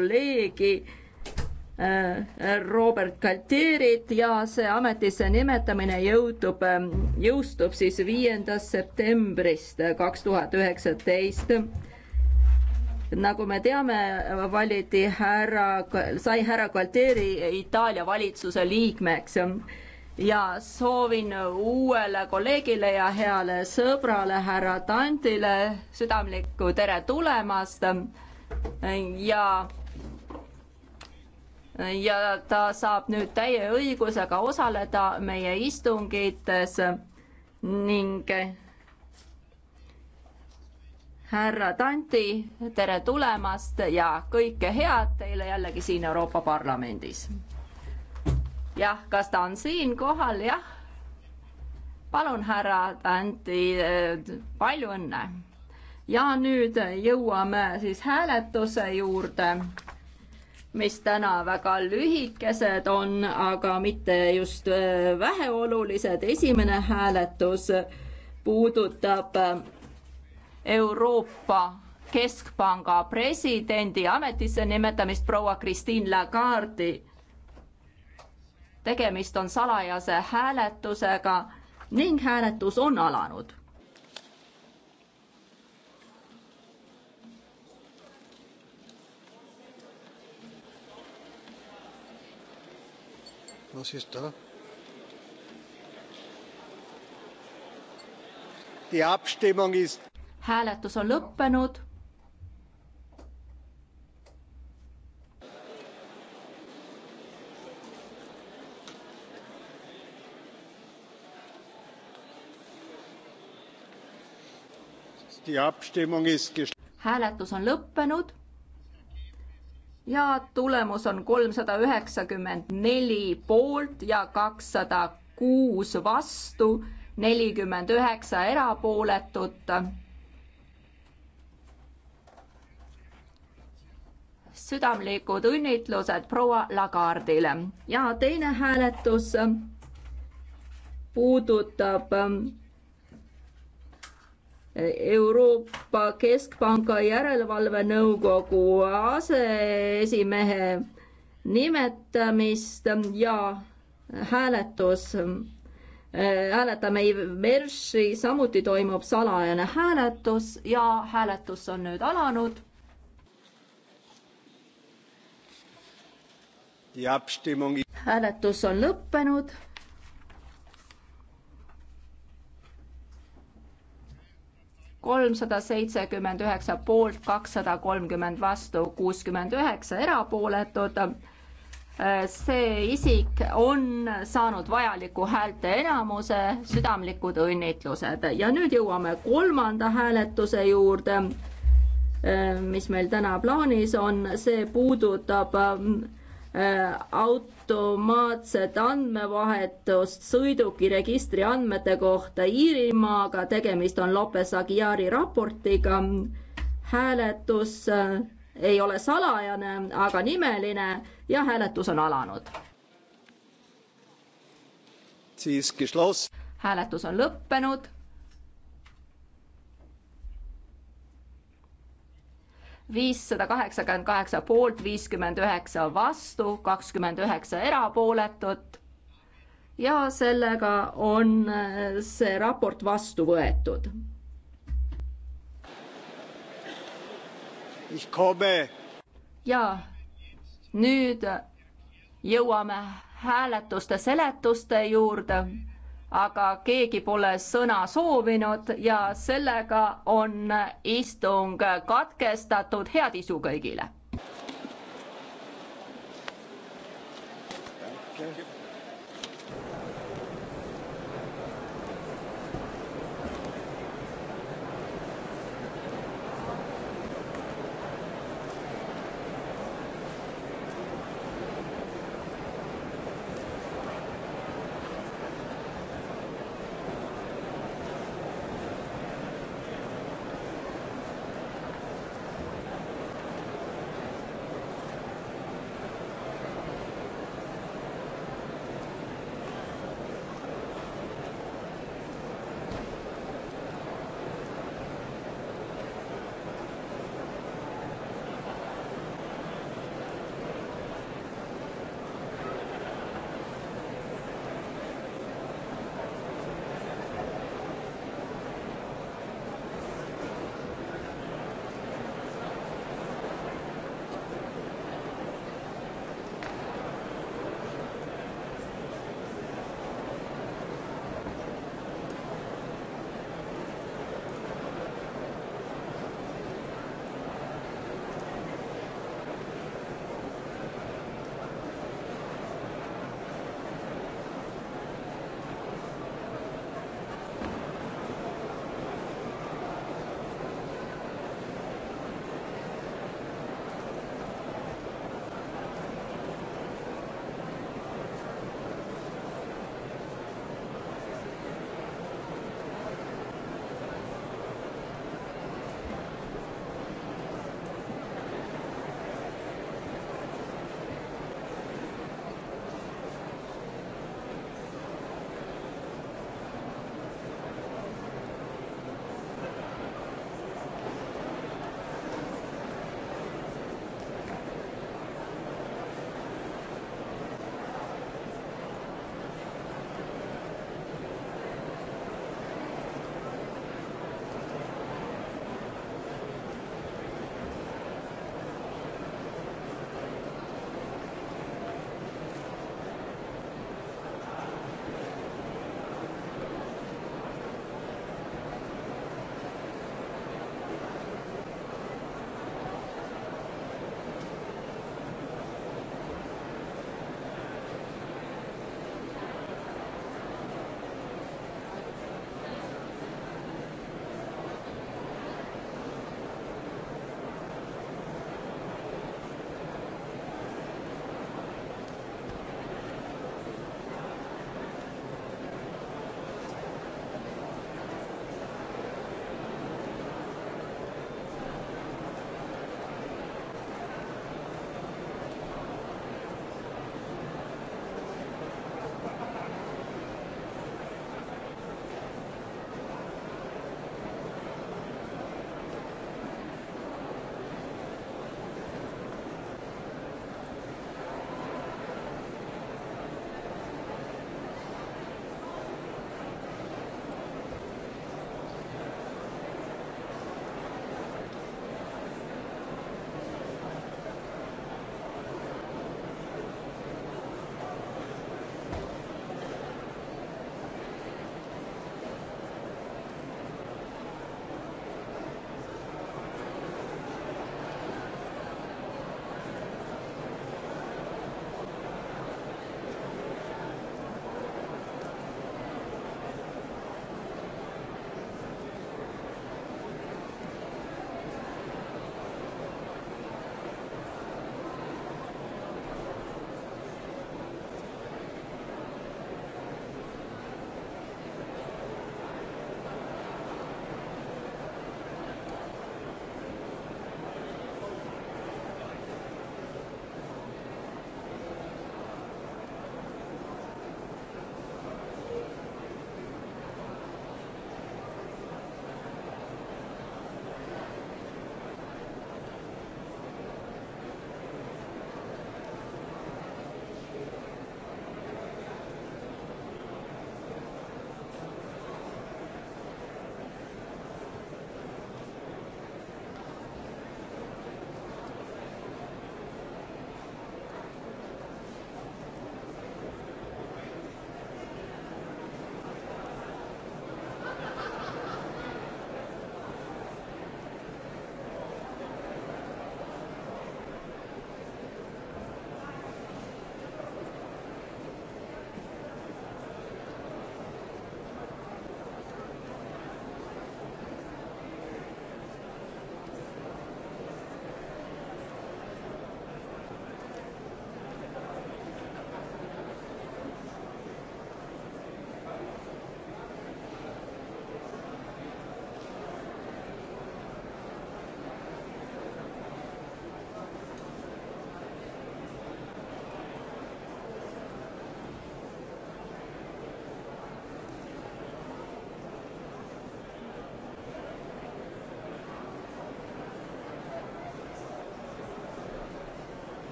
kolleegi äh, Robert Kalteerit ja see ametisse nimetamine jõutub, ähm, jõustub siis viiendast septembrist kaks tuhat üheksateist. nagu me teame, valiti härra, sai härra Kalteeri Itaalia valitsuse liikmeks ja soovin uuele kolleegile ja heale sõbrale härra Tantile südamlikku tere tulemast ja ja ta saab nüüd täie õigusega osaleda meie istungites ning härra Tanti, tere tulemast ja kõike head teile jällegi siin Euroopa Parlamendis. jah, kas ta on siin kohal, jah? palun, härra Tanti, palju õnne. ja nüüd jõuame siis hääletuse juurde mis täna väga lühikesed on, aga mitte just äh, väheolulised. esimene hääletus puudutab äh, Euroopa Keskpanga presidendi ametisse nimetamist proua Christine Lagarde'i. tegemist on salajase hääletusega ning hääletus on alanud Was ist da? Die Abstimmung ist hääletus on lõppenud. hääletus on lõppenud ja tulemus on kolmsada üheksakümmend neli poolt ja kakssada kuus vastu, nelikümmend üheksa erapooletut. südamlikud õnnitlused proua Lagardile ja teine hääletus puudutab Euroopa Keskpanga Järelevalvenõukogu aseesimehe nimetamist ja hääletus, hääletame Verši, samuti toimub salajane hääletus ja hääletus on nüüd alanud hääletus on lõppenud. kolmsada seitsekümmend üheksa poolt, kakssada kolmkümmend vastu, kuuskümmend üheksa erapooletut. see isik on saanud vajaliku häälte enamuse, südamlikud õnnitlused ja nüüd jõuame kolmanda hääletuse juurde, mis meil täna plaanis on, see puudutab Äh, automaatset andmevahetust sõiduki registri andmete kohta Iirimaaga, tegemist on Lopez Aguiari raportiga. hääletus äh, ei ole salajane, aga nimeline ja hääletus on alanud. hääletus on lõppenud viissada kaheksakümmend kaheksa poolt, viiskümmend üheksa vastu, kakskümmend üheksa erapooletut. ja sellega on äh, see raport vastu võetud. ja nüüd jõuame hääletuste seletuste juurde aga keegi pole sõna soovinud ja sellega on istung katkestatud. head isu kõigile.